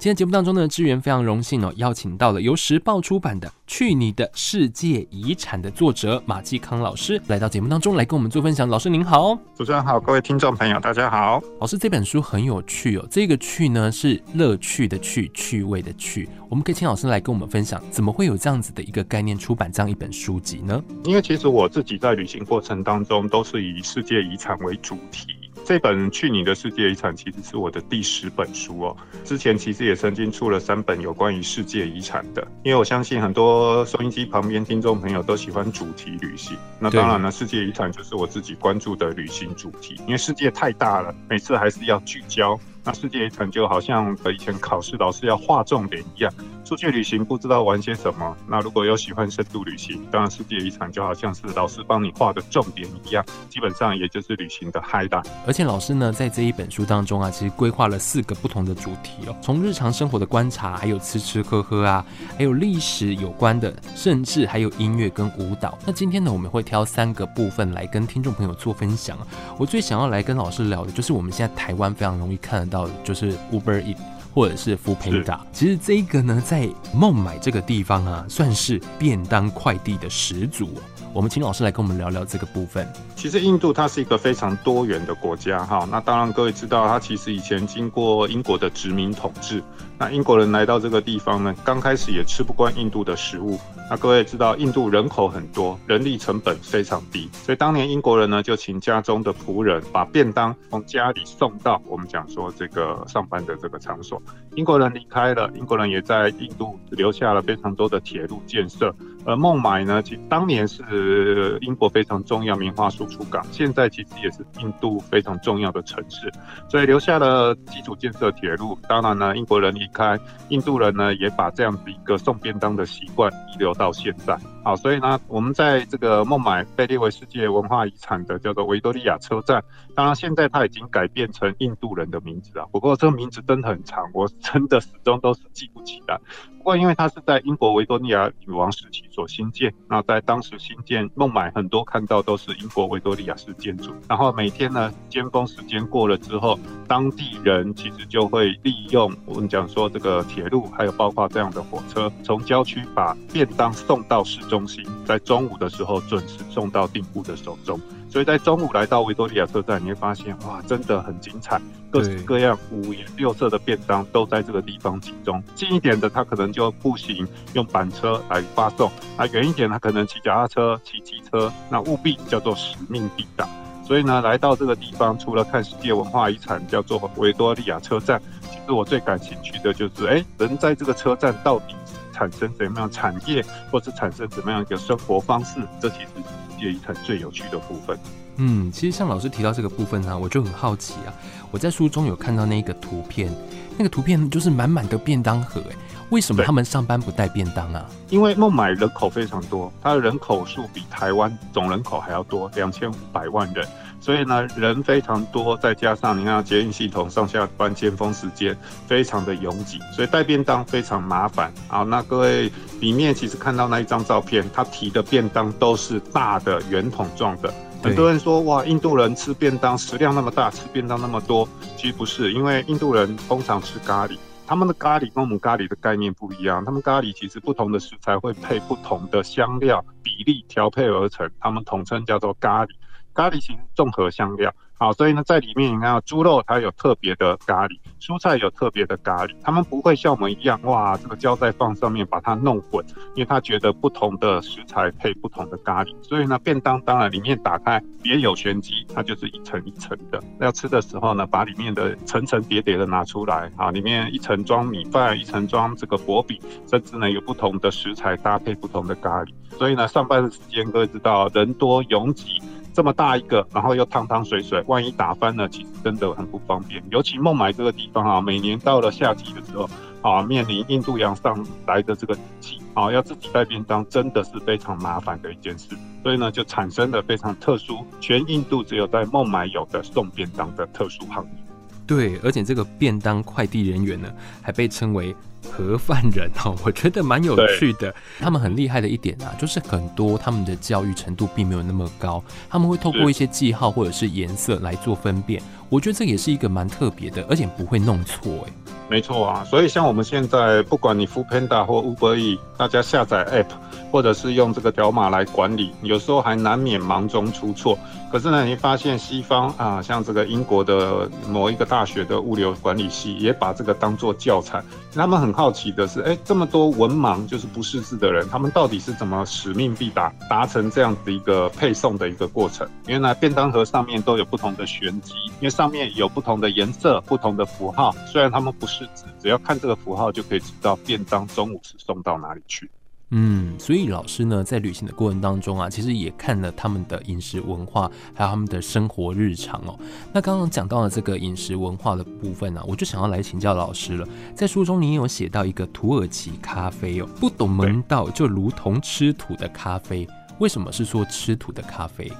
今天節目當中呢，智由非常榮幸哦，邀請到了由時報出版的《趣你的世界遺產》的作者馬繼康老師來到節目當中來跟我們做分享。老師您好，主持人好，各位聽眾朋友大家好。老師這本書很有趣哦，這個呢“趣”呢是樂趣的“趣”，趣味的“趣”。我們可以請老師來跟我們分享，怎麼會有這樣子的一個概念出版這樣一本書籍呢？因為其實我自己在旅行過程當中都是以世界遺產為主題。這本《趣你的世界遺產》其實是我的第十本書哦。之前其實也曾經出了三本有關於世界遺產的，因為我相信很多收音機旁邊聽眾朋友都喜歡主題旅行。那當然了，世界遺產就是我自己關注的旅行主題，因為世界太大了，每次還是要聚焦。那世界遺產就好像以前考試老師要畫重點一樣，出去旅行不知道玩些什麼。那如果又喜歡深度旅行，當然世界遺產就好像是老師幫你畫的重點一樣，基本上也就是旅行的嗨檔。而且老師呢，在這一本書當中啊，其實規劃了四個不同的主題哦，從日常生活的觀察，還有吃吃喝喝啊，還有歷史有關的，甚至還有音樂跟舞蹈。那今天呢，我們會挑三個部分來跟聽眾朋友做分享。我最想要來跟老師聊的就是我們現在台灣非常容易看。到就是 Uber Eats 或者是 Foodpanda，其實這個呢，在孟買這個地方啊，算是便當快遞的始祖。我們請老師來跟我們聊聊這個部分。其實印度它是一個非常多元的國家，哈。那當然各位知道，它其實以前經過英國的殖民統治。那英國人來到這個地方呢，剛開始也吃不慣印度的食物。那各位也知道，印度人口很多，人力成本非常低，所以當年英國人呢就請家中的僕人把便當從家裡送到我們講說這個上班的這個場所。英國人離開了，英國人也在印度留下了非常多的鐵路建設。而孟買呢，其實當年是英國非常重要棉花輸出港，現在其實也是印度非常重要的城市，所以留下了基礎建設鐵路。當然呢，英國人離開，印度人呢也把這樣子一個送便當的習慣遺留到現在。好，所以呢，我們在這個孟買被列為世界文化遺產的叫做維多利亞車站。當然，現在它已經改變成印度人的名字了。不過這個名字真的很長，我真的始終都是記不起來。不過，因為它是在英國維多利亞女王時期所興建，那在當時興建，孟買很多看到都是英國維多利亞式建築。然後每天呢，尖峰時間過了之後，當地人其實就會利用我們講說這個鐵路，還有包括這樣的火車，從郊區把便當送到市中心在中午的時候準時送到訂戶的手中，所以在中午來到維多利亞車站，你會發現哇，真的很精彩，各式各樣五顏六色的便當都在這個地方集中。近一點的，他可能就步行用板車來發送；啊，遠一點，他可能騎腳踏車、騎機車。那務必叫做使命必達。所以呢，來到這個地方，除了看世界文化遺產叫做維多利亞車站，其實我最感興趣的就是，哎、欸，人在這個車站到底。產生怎麼樣產業，或是產生怎麼樣一個生活方式，這其實是世界遺產最有趣的部分。嗯，其實像老師提到這個部分呢、啊，我就很好奇啊。我在書中有看到那個圖片，那個圖片就是滿滿的便當盒，哎，為什麼他們上班不帶便當啊？因為孟買人口非常多，它的人口數比台灣總人口還要多，兩千五百萬人。所以呢，人非常多，再加上你看捷運系統上下班尖峰時間非常的擁擠，所以帶便當非常麻煩。好，那各位裡面其實看到那一張照片，他提的便當都是大的圓筒狀的。很多人說哇，印度人吃便當食量那麼大，吃便當那麼多，其實不是，因為印度人通常吃咖喱，他們的咖喱跟我們咖喱的概念不一樣，他們咖喱其實不同的食材會配不同的香料比例調配而成，他們統稱叫做咖喱。咖喱型綜合香料，好，所以呢，在裡面你看豬肉它有特別的咖喱，蔬菜有特別的咖喱，他們不會像我們一樣，哇，這個膠帶放上面把它弄混，因為他覺得不同的食材配不同的咖喱，所以呢，便當當然裡面打開，別有玄機，它就是一層一層的，要吃的時候呢，把裡面的層層疊疊的拿出來，好，裡面一層裝米飯，一層裝這個薄餅，甚至呢有不同的食材搭配不同的咖喱，所以呢，上班的時間各位知道人多擁擠。這麼大一個，然後又湯湯水水，萬一打翻了，其實真的很不方便。尤其孟買這個地方啊，每年到了夏季的時候啊，面臨印度洋上來的這個雨季啊，要自己帶便當，真的是非常麻煩的一件事。所以呢，就產生了非常特殊，全印度只有在孟買有的送便當的特殊行業。對，而且這個便當快遞人員呢，還被稱為。盒飯人哦，我覺得蠻有趣的。他們很厲害的一點啊，就是很多他們的教育程度並沒有那麼高，他們會透過一些記號或者是顏色來做分辨。我覺得這也是一個蠻特別的，而且不會弄錯誒。沒錯啊，所以像我們現在，不管你 foodpanda 或 Uber Eats，大家下載 App。或者是用這個條碼來管理，有時候還難免忙中出錯。可是呢，你發現西方啊，像這個英國的某一個大學的物流管理系也把這個當做教材。他們很好奇的是，誒、欸，這麼多文盲，就是不識字的人，他們到底是怎麼使命必達，達成這樣子一個配送的一個過程？原來便當盒上面都有不同的玄機，因為上面有不同的顏色、不同的符號。雖然他們不識字，只要看這個符號就可以知道便當中午是送到哪裡去。嗯，所以老師呢，在旅行的過程當中啊，其實也看了他們的飲食文化，還有他們的生活日常哦。那剛剛講到了這個飲食文化的部分呢，我就想要來請教老師了。在書中，你有寫到一個土耳其咖啡哦，不懂門道就如同吃土的咖啡，為什麼是說吃土的咖啡？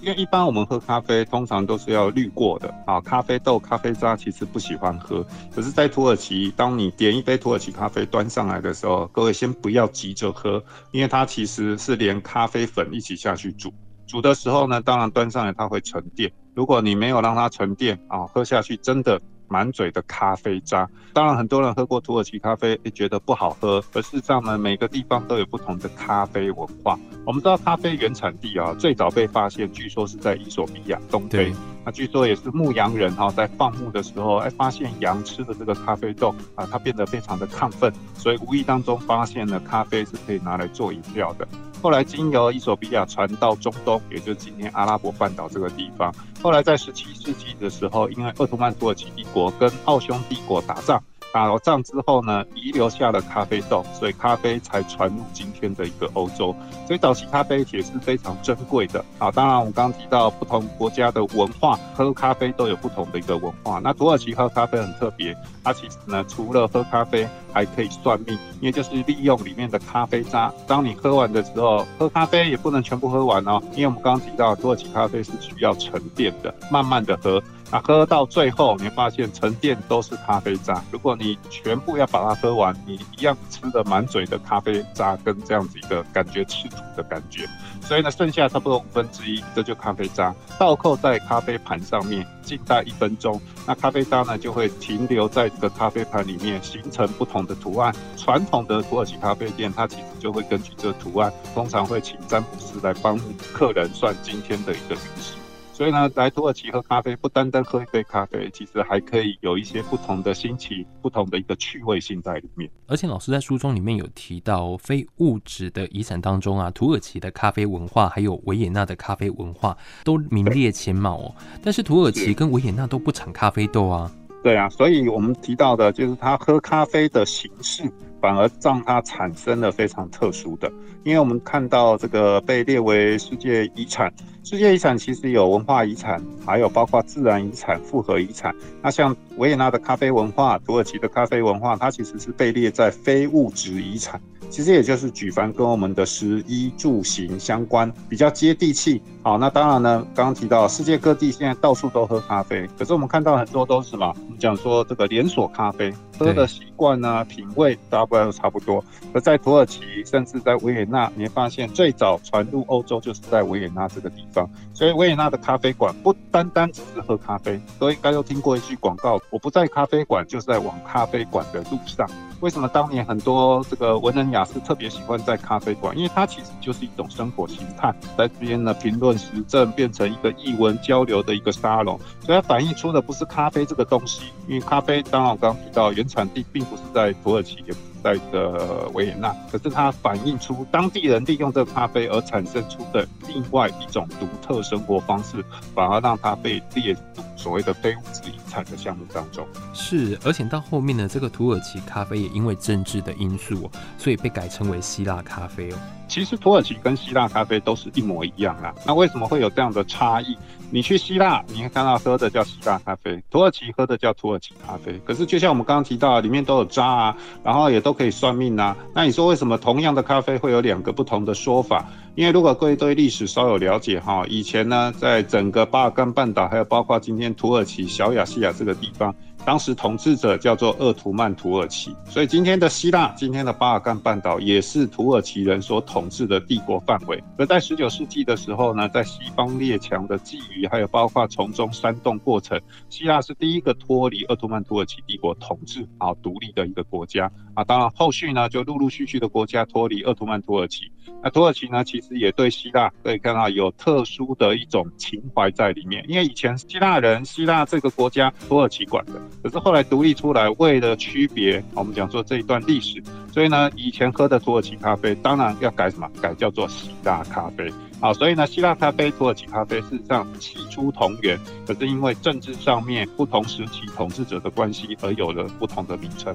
因為一般我們喝咖啡，通常都是要濾過的啊。咖啡豆、咖啡渣其實不喜歡喝。可是，在土耳其，當你點一杯土耳其咖啡端上來的時候，各位先不要急着喝，因為它其實是連咖啡粉一起下去煮。煮的時候呢，當然端上來它會沉澱。如果你沒有讓它沉澱啊，喝下去真的。滿嘴的咖啡渣，當然很多人喝過土耳其咖啡也覺得不好喝，而事實上呢，每個地方都有不同的咖啡文化。我們知道咖啡原產地啊，最早被發現，據說是在伊索比亞東非。據說也是牧羊人哈，在放牧的時候，哎，發現羊吃的這個咖啡豆啊、呃，它變得非常的亢奮，所以無意當中發現了咖啡是可以拿來做飲料的。後來經由伊索比亞傳到中東，也就是今天阿拉伯半島這個地方。後來在17世紀的時候，因為鄂圖曼土耳其帝國跟奧匈帝國打仗。打了仗之後呢，遺留下了咖啡豆，所以咖啡才傳入今天的一個歐洲。所以早期咖啡也是非常珍貴的啊。當然，我們剛剛提到不同國家的文化，喝咖啡都有不同的一個文化。那土耳其喝咖啡很特別，它、啊、其實呢，除了喝咖啡，還可以算命，也就是利用裡面的咖啡渣。當你喝完的時候，喝咖啡也不能全部喝完哦，因為我們剛剛提到土耳其咖啡是需要沉澱的，慢慢的喝。那、啊、喝到最後，你發現沉澱都是咖啡渣。如果你全部要把它喝完，你一樣吃得滿嘴的咖啡渣，跟這樣子一個感覺吃土的感覺。所以呢，剩下差不多五分之一，這就咖啡渣，倒扣在咖啡盤上面，靜待一分鐘。那咖啡渣呢，就會停留在這個咖啡盤裡面，形成不同的圖案。傳統的土耳其咖啡店，它其實就會根據這個圖案，通常會請占卜師來幫客人算今天的一個運勢。所以呢，來土耳其喝咖啡不單單喝一杯咖啡，其實還可以有一些不同的心情、不同的一個趣味性在裡面。而且老師在書中裡面有提到，非物質的遺產當中啊，土耳其的咖啡文化還有維也納的咖啡文化都名列前茅哦。但是土耳其跟維也納都不產咖啡豆啊。對啊，所以我們提到的就是他喝咖啡的形式，反而讓他產生了非常特殊的。因為我們看到這個被列為世界遺產，世界遺產其實有文化遺產，還有包括自然遺產、複合遺產。那像維也納的咖啡文化、土耳其的咖啡文化，它其實是被列在非物質遺產。其實也就是舉凡跟我們的食衣住行相關，比較接地氣。好，那當然呢，剛剛提到世界各地現在到處都喝咖啡，可是我們看到很多都是什麼？我們講說這個連鎖咖啡。喝的習慣呢、啊，品味大部分都差不多。而在土耳其，甚至在維也納，你會發現最早傳入歐洲就是在維也納這個地方。所以維也納的咖啡館不單單只是喝咖啡，都應該都聽過一句廣告：我不在咖啡館，就是在往咖啡館的路上。為什麼當年很多這個文人雅士特別喜歡在咖啡館？因為它其實就是一種生活形態，在這邊呢評論時政，變成一個藝文交流的一個沙龍。所以它反映出的不是咖啡這個東西，因為咖啡，當然我剛剛提到原。產地並不是在土耳其，也不是在的維也納，可是它反映出當地人利用這個咖啡而產生出的另外一種獨特生活方式，反而讓它被列入所謂的非物質遺產的項目當中。是，而且到後面呢，這個土耳其咖啡也因為政治的因素，所以被改稱為希臘咖啡哦、喔。其實土耳其跟希臘咖啡都是一模一樣啦。那為什麼會有這樣的差異？你去希臘，你會看到喝的叫希臘咖啡，土耳其喝的叫土耳其咖啡。可是，就像我們剛剛提到，裡面都有渣啊，然後也都可以算命啊。那你說為什麼同樣的咖啡會有兩個不同的說法？因為如果各位對歷史稍有了解，哈，以前呢，在整個巴爾干半島，還有包括今天土耳其、小亞細亞這個地方。當時統治者叫做鄂圖曼土耳其，所以今天的希臘、今天的巴爾干半島也是土耳其人所統治的帝國範圍。而在十九世紀的時候呢，在西方列強的覬覦，還有包括從中煽動過程，希臘是第一個脫離鄂圖曼土耳其帝國統治啊獨立的一個國家。啊，當然，後續呢就陸陸續續的國家脫離奧斯曼土耳其。那土耳其呢，其實也對希臘可以看到有特殊的一種情懷在裡面，因為以前希臘人、希臘這個國家土耳其管的，可是後來獨立出來，為了區別，我們講說這一段歷史，所以呢，以前喝的土耳其咖啡，當然要改什麼，改叫做希臘咖啡。啊，所以呢，希臘咖啡、土耳其咖啡事實上起初同源，可是因為政治上面不同時期統治者的關係而有了不同的名稱。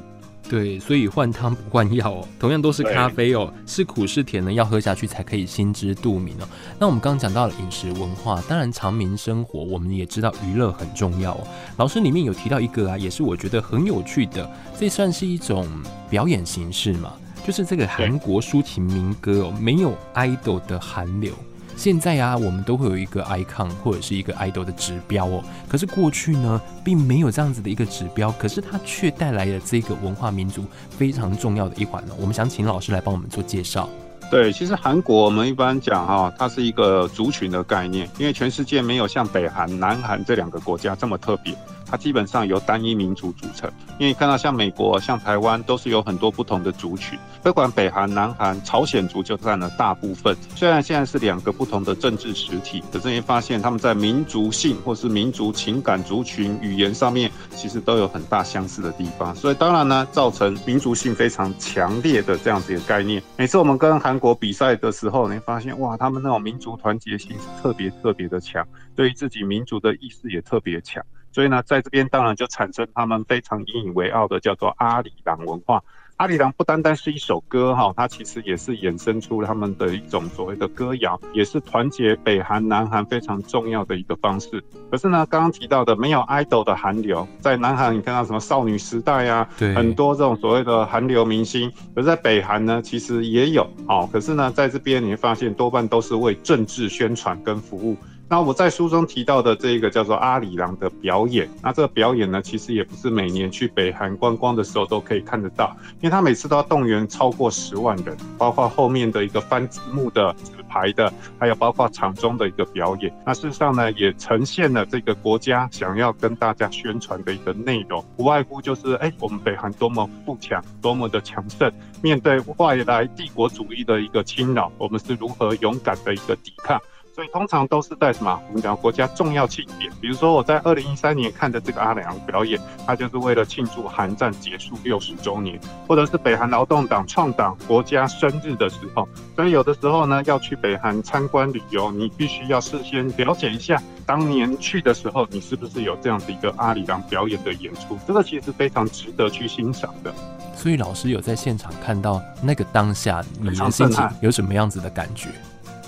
對，所以換湯不換藥哦，同樣都是咖啡哦，是苦是甜呢，要喝下去才可以心知肚明哦。那我們剛剛講到了飲食文化，當然，常民生活我們也知道娛樂很重要哦。老師裡面有提到一個啊，也是我覺得很有趣的，這算是一種表演形式嘛，就是這個韓國抒情民歌哦，沒有愛豆的韓流。現在啊，我們都會有一個 icon 或者是一個 idol 的指標哦。可是過去呢，並沒有這樣子的一個指標，可是它卻帶來了這個文化民族非常重要的一環呢。我們想請老師來幫我們做介紹。對，其實韓國我們一般講哈，它是一個族群的概念，因為全世界沒有像北韓、南韓這兩個國家這麼特別。它基本上由單一民族組成，因為你看到像美國、像台灣，都是有很多不同的族群。不管北韓、南韓，朝鮮族就佔了大部分。雖然現在是兩個不同的政治實體，可是你會發現他們在民族性或是民族情感、族群語言上面，其實都有很大相似的地方。所以當然呢，造成民族性非常強烈的這樣子一個概念。每次我們跟韓國比賽的時候，你會發現哇，他們那種民族團結性是特別特別的強，對於自己民族的意識也特別強。所以呢，在這邊當然就產生他們非常引以為傲的叫做阿里郎文化。阿里郎不單單是一首歌哈，它其實也是衍生出他們的一種所謂的歌謠，也是團結北韓南韓非常重要的一個方式。可是呢，剛剛提到的沒有 idol 的韓流，在南韓你看到什麼少女時代呀、啊，很多這種所謂的韓流明星。可是，在北韓呢，其實也有哦，可是呢，在這邊你會發現多半都是為政治宣傳跟服務。那我在書中提到的這個叫做阿里郎的表演，那這個表演呢，其實也不是每年去北韓觀光的時候都可以看得到，因為他每次都要動員超過十萬人，包括後面的一個翻字幕的、紙牌的，還有包括場中的一個表演。那事實上呢，也呈現了這個國家想要跟大家宣傳的一個內容，不外乎就是，哎、欸，我們北韓多麼富強、多麼的強盛，面對外來帝國主義的一個侵擾，我們是如何勇敢的一個抵抗。所以通常都是在什麼？我們講國家重要慶典，比如說我在二零一三年看的這個阿里郎表演，它就是為了慶祝韓戰結束六十週年，或者是北韓勞動黨創黨國家生日的時候。所以有的時候呢，要去北韓參觀旅遊，你必須要事先了解一下當年去的時候，你是不是有這樣子一個阿里郎表演的演出。這個其實是非常值得去欣賞的。所以老師有在現場看到那個當下，你的心情有什麼樣子的感覺？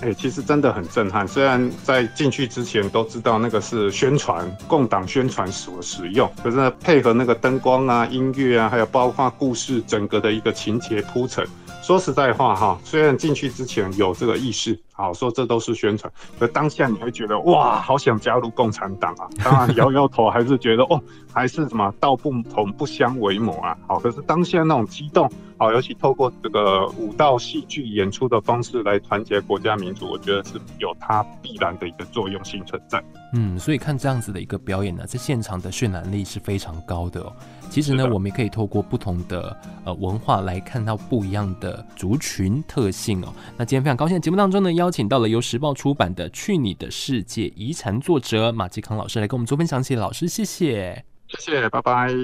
哎、欸，其實真的很震撼。雖然在進去之前都知道那個是宣傳，共黨宣傳所使用，可是那配合那個燈光啊、音樂啊，還有包括故事整個的一個情節鋪陳。說實在話哈，雖然進去之前有這個意識，好說這都是宣傳，可當下你會覺得哇，好想加入共產黨啊！當然搖搖頭，還是覺得哦，還是什麼道不同不相為謀啊！好，可是當下那種激動，好，尤其透過這個舞蹈戲劇演出的方式來團結國家民族，我覺得是有它必然的一個作用性存在。嗯，所以看這樣子的一個表演呢、啊，在現場的渲染力是非常高的哦。其實呢，我們也可以透過不同的呃文化來看到不一樣的族群特性哦。那今天非常高興，節目當中呢邀請到了由時報出版的《去你的世界遺產》作者馬繼康老師來跟我們做分享。謝謝老師，謝謝，謝謝，拜拜。